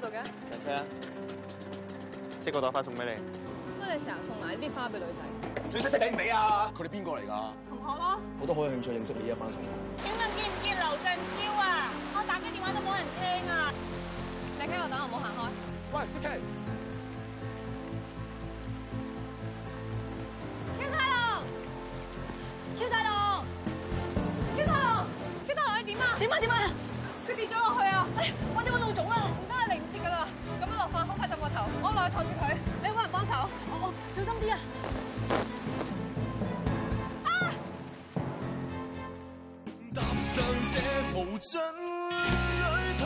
上車啊！即個袋花送俾你。乜你成日送埋呢啲花俾女仔？最識識鬼唔俾啊！佢哋邊個嚟㗎？同學咯。我都好有興趣認識你一班同學。請問見唔見劉俊超啊？我打嘅電話都冇人聽啊！你喺度等我，唔好行開。喂，小 K。好快浸個頭，我落去托住佢。你揾人幫手，我我小心啲啊！啊踏上這無盡旅途，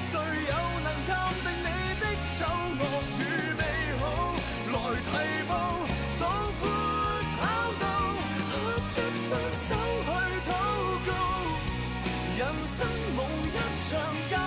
誰又能鑑定你的醜惡與美好？來提步，衝出跑道，合十雙手去禱告人生夢一場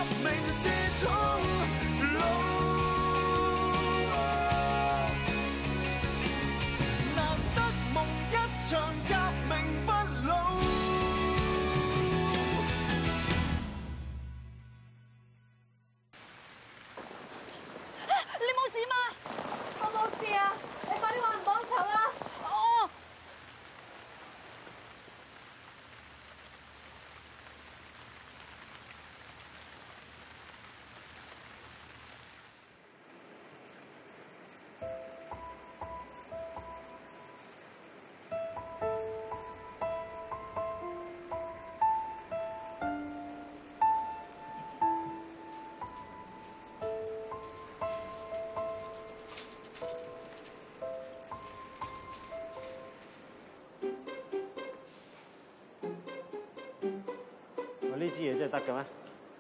呢支嘢真係得嘅咩？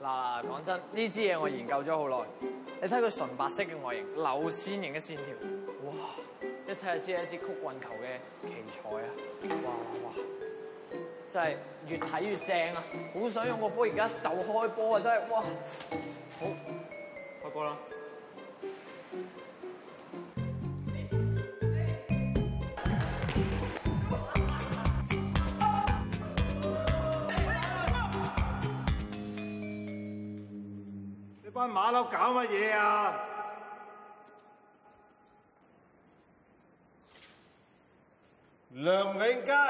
嗱，講真，呢支嘢我研究咗好耐。你睇佢純白色嘅外形，流線型嘅線條，哇！一睇就知係一支曲棍球嘅奇才啊！哇哇，哇！真係越睇越正啊！好想用個波，而家就開波啊！真係哇！好開波啦！翻馬騮搞乜嘢啊？梁永佳，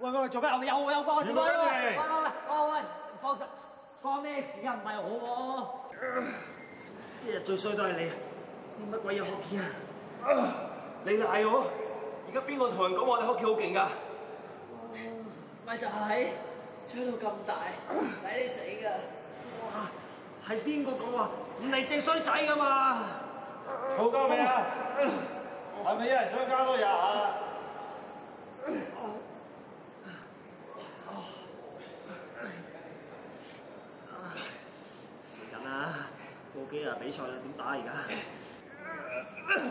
喂喂喂，做咩啊？有有哥，小喂喂喂，喂，喂，喂，喂，喂，放心，發生咩事啊？唔係好，今、啊、日最衰都係你。乜鬼嘢口技啊？你賴我！而家邊個同人講話你口技好勁噶？咪、哦、就係、是、吹到咁大，抵你死噶！啊。係邊個講啊？唔係隻衰仔噶嘛？嘈交未啊？係 咪有人想加多日啊？ 死緊啦！過幾日比賽啦，點打而家？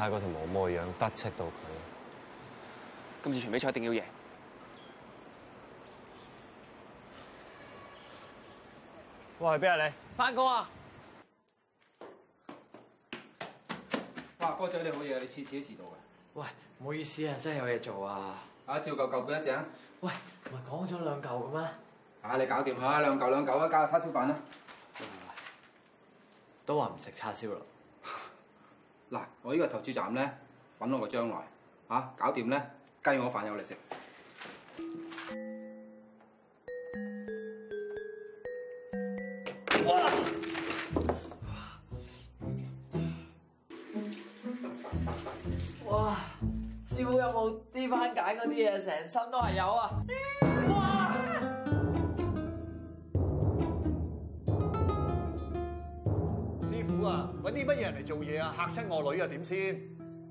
睇嗰條毛毛樣，得戚到佢。今次全比賽一定要贏。喂，邊啊你？翻工啊？哇、啊啊，哥仔你好嘢你次次都遲到嘅。喂，唔好意思啊，真係有嘢做啊。啊，照舊舊一隻、啊。喂，唔係講咗兩嚿嘅咩？啊，你搞掂佢啦，兩嚿兩嚿啊，加叉燒飯啦、啊啊。都話唔食叉燒啦。嗱，我呢個投資站咧，揾到個將來，嚇、啊、搞掂咧，雞我飯有嚟食。哇！哇！師傅有冇啲番梘嗰啲嘢？成身都係有啊！做嘢啊！嚇親我女啊！點先？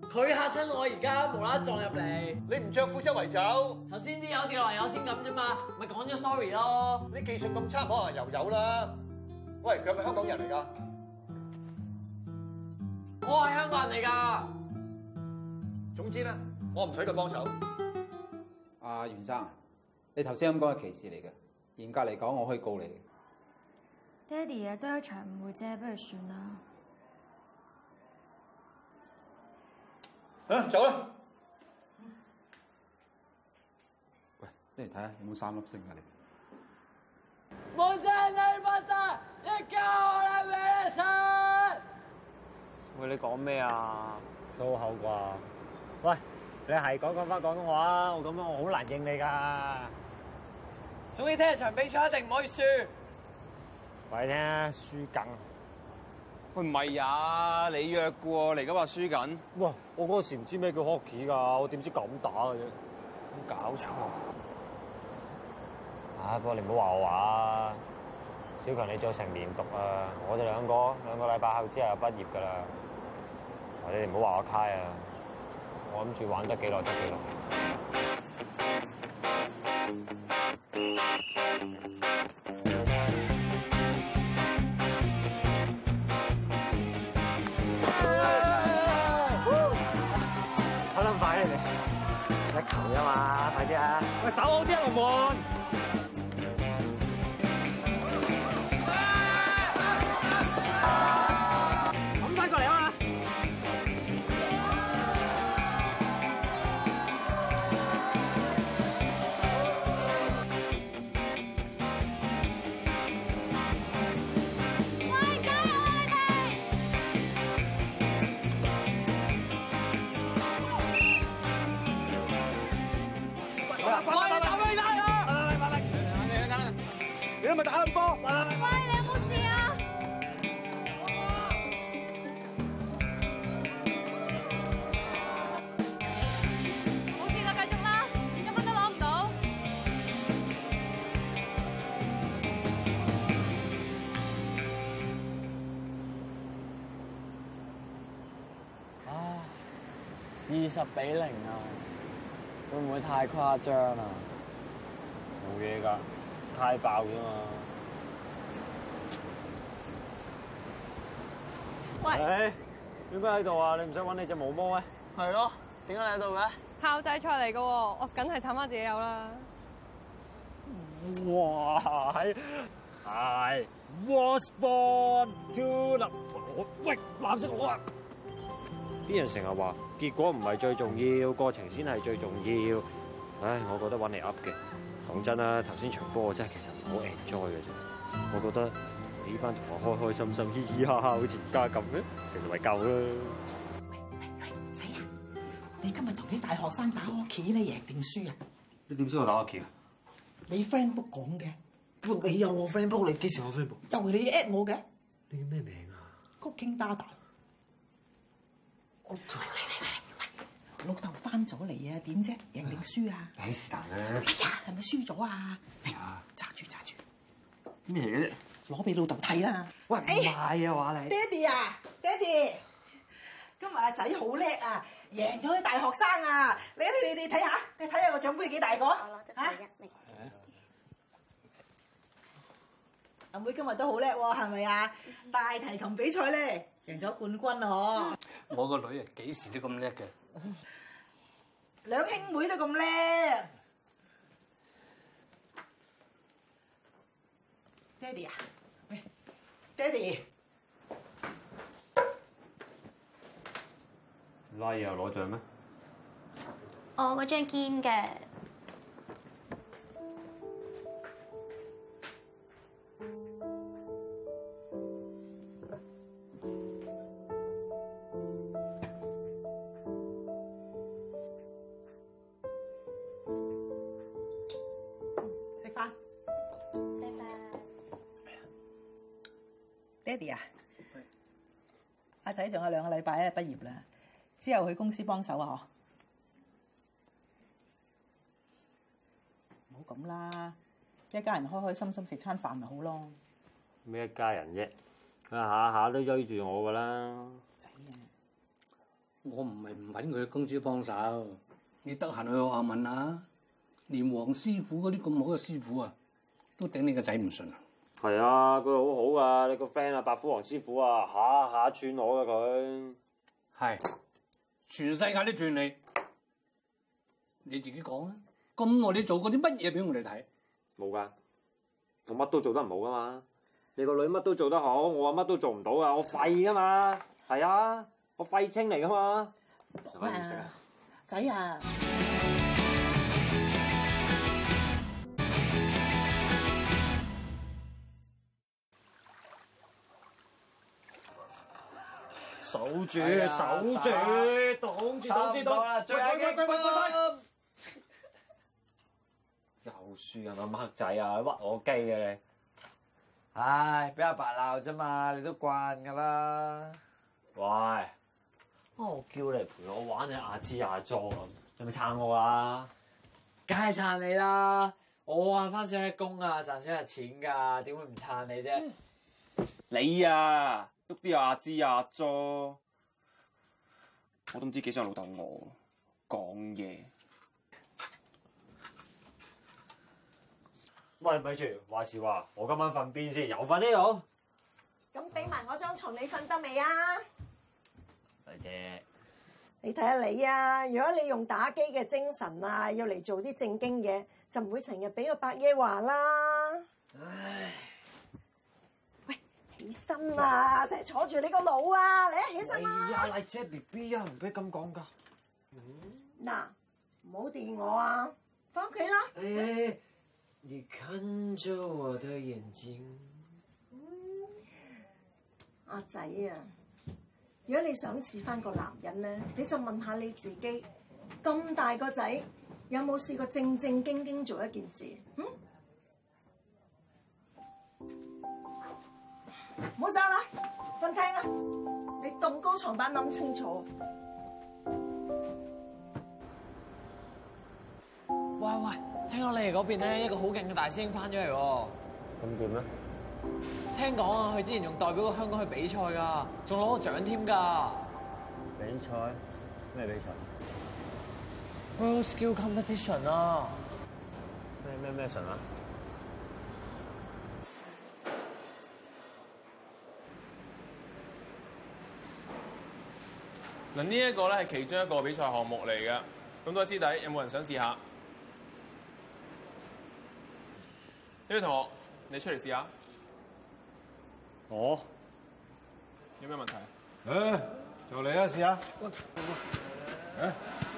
佢嚇親我而家無啦啦撞入嚟。你唔着褲周圍走。頭先啲有啲來有先咁啫嘛，咪講咗 sorry 咯。你技術咁差，可能又有啦。喂，佢係咪香港人嚟㗎？我係香港人嚟㗎。總之咧，我唔使佢幫手。阿、啊、袁生，你頭先咁講係歧視嚟嘅，嚴格嚟講，我可以告你。爹哋啊，都係一場誤會啫，不如算啦。走啦！喂，嚟睇下有冇三粒星噶你？冇錯你冇錯，依家我哋未。喂，你講咩啊？粗口啩。喂，你係講講返廣東話，我咁樣我好難應你噶。總之聽日場比賽一定唔可以輸。喂呢，呢輸梗。佢唔係呀，你約嘅喎，你而家話輸緊。哇！我嗰時唔知咩叫 hockey 噶，我點知咁打嘅啫？搞錯！啊，不過你唔好話我話，小強你做成年讀啊，我哋兩個兩個禮拜後之後就畢業㗎啦。你哋唔好話我卡呀！啊，我諗住玩得幾耐得幾耐。 踢球呀嘛，快啲啊！喂，守好啲啊，龍門。今日打冧波？喂，你有冇事啊？冇事就繼續啦，一分都攞唔到。啊，二十比零啊，會唔會太誇張啊？冇嘢㗎。太爆㗎嘛！喂，點解喺度啊？你唔使揾你隻毛毛咩？係咯，點解你喺度嘅？炮仔出嚟噶喎，我梗係慘下自己有啦。哇！係 one, two, three，喂，藍色好啊！啲人成日話結果唔係最重要，過程先係最重要。唉，我覺得揾你噏嘅。講真啦，頭先場波我真係其實唔好 enjoy 嘅啫，我覺得你班同學開開心心，嘻嘻哈哈好似而家咁嘅，其實咪夠啦。喂喂喂，仔啊，你今日同啲大學生打 O.K. 咧，贏定輸啊？你點知我打 O.K.？你 friendbook 講嘅，你有我 friendbook？你幾時有 friendbook？又係你 at 我嘅？你叫咩名啊？Cooking Dada，喂，喂，喂。喂老豆翻咗嚟啊？點啫？贏定輸啊？睇是但啦。哎呀，係咪輸咗啊？哎呀，揸住揸住。咩嘢？攞俾老豆睇啊，爸爸！喂，唔賣啊話、哎、你。爹哋啊，爹哋，今日阿仔好叻啊，贏咗啲大學生啊！你你你睇下，你睇下個獎盃幾大個？吓，阿、啊啊、妹今日都好叻喎，係咪啊？是是啊 大提琴比賽咧，贏咗冠軍啦，嗬！我個女啊，幾 時都咁叻嘅。兩兄妹都咁叻，爹哋啊，喂，爹哋，拉嘢又攞獎咩？我嗰張堅嘅。之後去公司幫手啊！嗬，唔好咁啦，一家人開開心心食餐飯咪好咯。咩一家人啫？佢下下都追住我噶啦。仔啊！我唔係唔搵佢公司幫手，你得閒去學校問下。連黃師傅嗰啲咁好嘅師傅啊，都頂你個仔唔順啊！係啊，佢好好啊，你個 friend 啊，白虎黃師傅啊，下下串我啊。佢。係。全世界都串你，你自己講啊！咁耐你做過啲乜嘢俾我哋睇？冇㗎，我乜都做得唔好㗎嘛。你個女乜都做得好，我話乜都做唔到啊！我廢㗎嘛，係啊，我廢青嚟㗎嘛。食啊，仔啊！守住守住，擋、啊、住擋住，住，擋住！喂喂喂喂喂！又輸有有啊！嘛，黑仔啊，屈我機啊你！唉，俾阿爸鬧啫嘛，你都慣噶啦。喂，我叫你陪我玩你亞支亞莊咁，你咪撐我啊！梗係撐你啦！我玩返少日工啊，賺少日錢㗎，點會唔撐你啫、嗯？你啊！喐啲啊！阿芝啊！阿咗，我都唔知幾想老豆我講嘢。喂，咪住！話時話，我今晚瞓邊先？又瞓呢度？咁俾埋我張床，你瞓得未啊？大姐，姐，你睇下你啊！如果你用打機嘅精神啊，要嚟做啲正經嘢，就唔會成日俾個伯爺話啦。起身啊！成日坐住你個腦啊！你一起身啦，啊！阿、哎、奶姐 B B 啊，唔俾咁講噶。嗱、唔、嗯、好掂我啊，返屋企啦。哎、欸，你看着我的眼睛。阿仔啊，如果你想似翻個男人咧，你就問下你自己：咁大個仔有冇試過正正經經做一件事？嗯？唔好走啦，瞓聽啊你咁高床板，諗清楚。喂喂，聽講你哋嗰邊咧，一個好勁嘅大師兄翻咗嚟。咁點咧？聽講啊，佢之前仲代表過香港去比賽噶，仲攞過獎添噶。比賽？咩比賽？World Skill Competition 啊。咩咩咩啊？嗱，呢一個咧係其中一個比賽項目嚟嘅。咁多位師弟，有冇人想試下？呢位同學，你出嚟試下。哦，有咩問題？誒，就嚟啦，試下。試試哎哎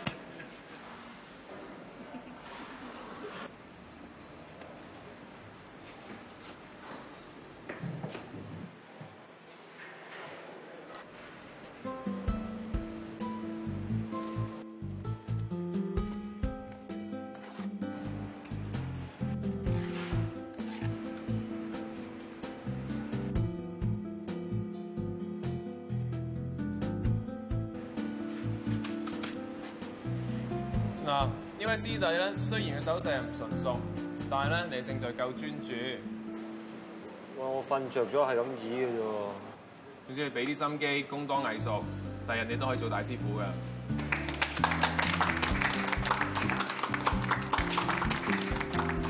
呢位師弟咧，雖然嘅手勢係唔純熟，但係咧你勝在夠專注。哇！我瞓着咗係咁易嘅啫喎。總之你俾啲心機，工當藝術，但係人哋都可以做大師傅嘅。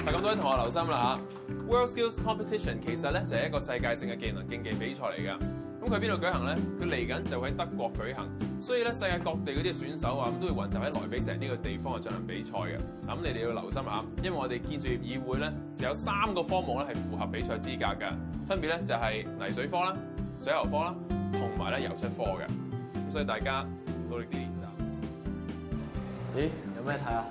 係。 咁多位同學留心啦嚇。 World Skills Competition 其實咧就係、是、一個世界性嘅技能競技比賽嚟嘅。咁佢邊度舉行咧？佢嚟緊就喺德國舉行，所以咧世界各地嗰啲選手啊，咁都會混集喺萊比錫呢個地方去進行比賽嘅。咁你哋要留心下，因為我哋建築業議會咧就有三個科目咧係符合比賽資格嘅，分別咧就係、是、泥水科啦、水喉科啦，同埋咧油漆科嘅。咁所以大家努力練習。咦？有咩睇啊？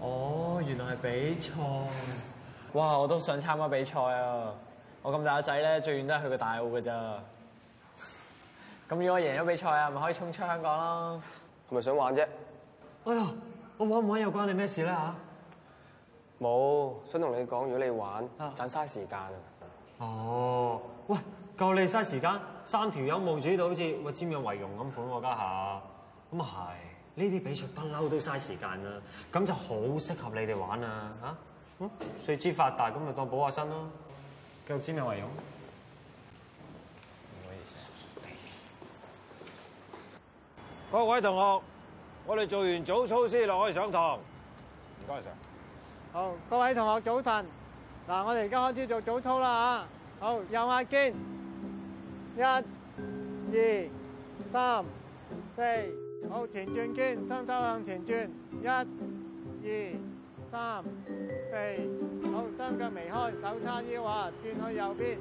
哦，原來係比賽。哇！我都想參加比賽啊！我咁大個仔咧，最遠都係去個大澳嘅啫。咁如果我贏咗比賽啊，咪可以衝出香港咯？係咪想玩啫？哎呀，我玩唔玩又關你咩事咧？吓，冇想同你講，如果你玩，盞、啊、嘥時間啊！哦，喂，夠你嘥時間，三條友冇主呢度好似個尖佑為容咁款喎，家下咁啊係呢啲比賽不嬲都嘥時間啦，咁就好適合你哋玩啊！嗯，瑞之發達咁咪當補下身咯。做肩咪用素素。各位同學，我哋做完早操先落去上堂，唔該晒，好。各位同學早晨，嗱，我哋而家開始做早操啦啊。好，右壓肩，一、二、三、四，好，前轉肩，雙手向前轉，一、二、三、四。腳微開，手叉腰啊！轉去右邊，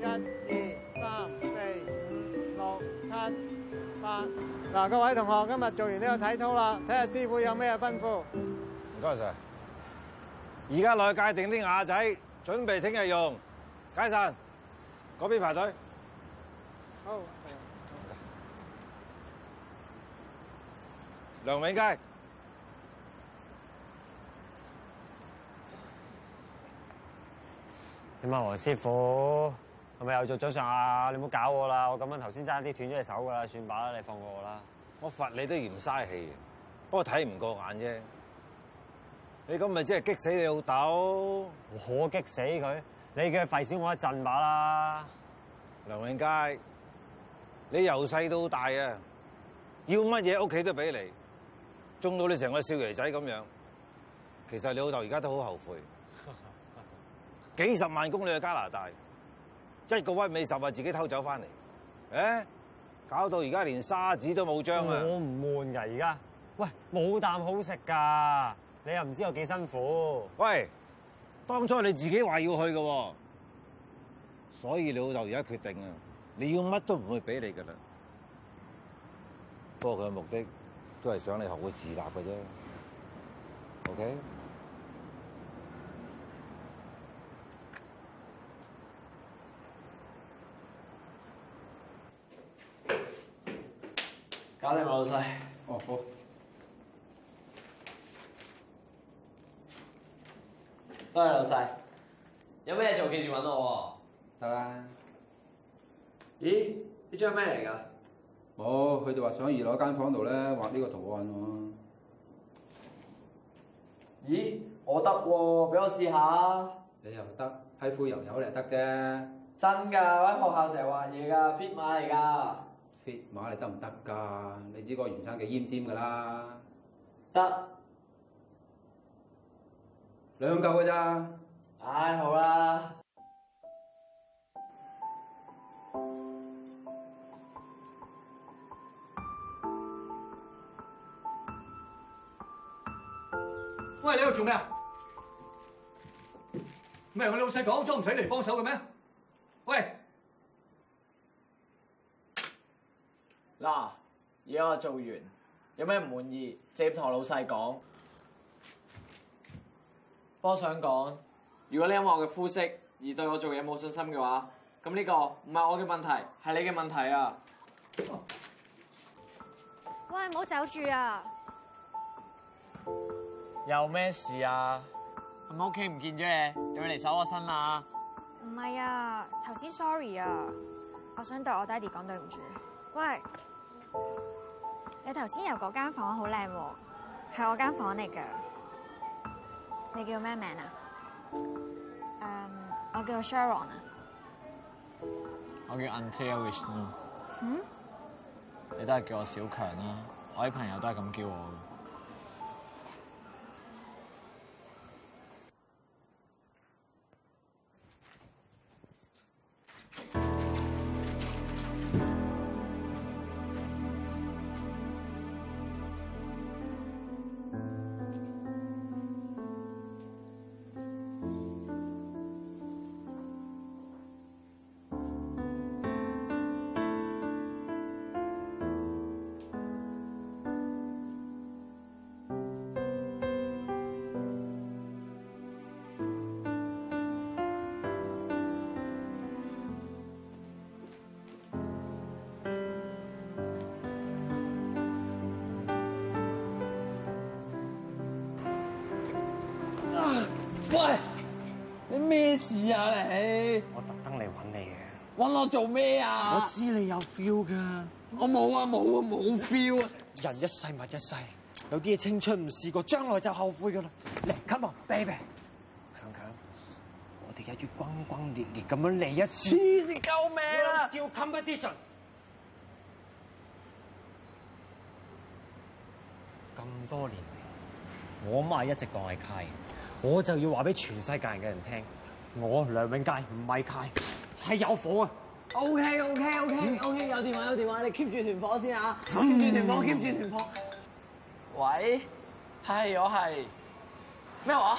一二三四五六七八。嗱，各位同學，今日做完呢個體操啦，睇下師傅有咩吩咐。唔該晒。而家落去界定啲啞仔，準備聽日用。解散，嗰邊排隊。好。梁永佳。阿黃師傅，係咪又做早上啊？你唔好搞我啦，我咁樣頭先爭啲斷咗隻手噶啦，算罷啦，你放過我啦。我罰你都嫌嘥氣，不過睇唔過眼啫。你咁咪即係激死你老豆？我激死佢，你叫佢費事我一陣罷啦。梁永佳，你由細到大啊，要乜嘢屋企都俾你，縱到你成個少爺仔咁樣，其實你老豆而家都好後悔。幾十萬公里去加拿大，一個屈美十啊自己偷走翻嚟，誒、哎，搞到而家連沙紙都冇張啊！我唔悶噶，而家，喂，冇啖好食噶，你又唔知有幾辛苦。喂，當初你自己話要去嘅，所以你老豆而家決定啊，你要乜都唔會俾你噶啦。不過佢嘅目的都係想你學會自立嘅啫，OK？搞掂老細。哦，好。多謝老細。有咩做記住揾我喎。得啦。咦？呢張咩嚟噶？哦，佢哋話想二樓間房度咧畫呢個圖案喎。咦？我得喎，啊，俾我試下。你又得批灰又有嚟得啫。真噶，我喺學校成日畫嘢噶，必馬嚟噶。f 馬你得唔得㗎？你知嗰個原生嘅奄尖㗎啦，得兩嚿㗎咋？唉、哎，好啦。喂，你喺度做咩？唔係我老細講咗唔使嚟幫手嘅咩？喂！嗱，而家我做完，有咩唔滿意直接同我老細講。不過我想講，如果你因為我嘅膚色而對我做嘢冇信心嘅話，咁呢個唔係我嘅問題，係你嘅問題啊！喂，唔好走住啊！有咩事啊？係咪屋企唔見咗嘢？有人嚟搜我身啦？唔係啊，頭先 sorry 啊，我想對我爹哋講對唔住。喂！你頭先入嗰間房好靚，係、啊、我間房嚟噶。你叫咩名啊？Um, 我叫 Sharon 啊。我叫 Until Wish。嗯？你都係叫我小強啦、啊，我啲朋友都係咁叫我。咩事啊你？我特登嚟揾你嘅，揾我做咩啊？我知你有 feel 噶，我冇啊冇啊冇 feel 啊！人一世物一世，有啲嘢青春唔試過，將來就後悔噶啦！嚟 come on baby，強強，我哋一於轟轟烈烈咁樣嚟一次，救命啦！World Skills Competition，咁多年。我媽一直當係契，我就要話俾全世界人嘅人聽，我梁永佳唔係契，係有火啊！OK OK OK OK，有電話有電話，你 keep 住團火先吓 keep 住團火 keep 住團火。喂，係我係咩話？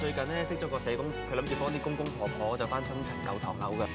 最近咧識咗個社工，佢諗住幫啲公公婆婆，婆就翻新層舊唐樓㗎。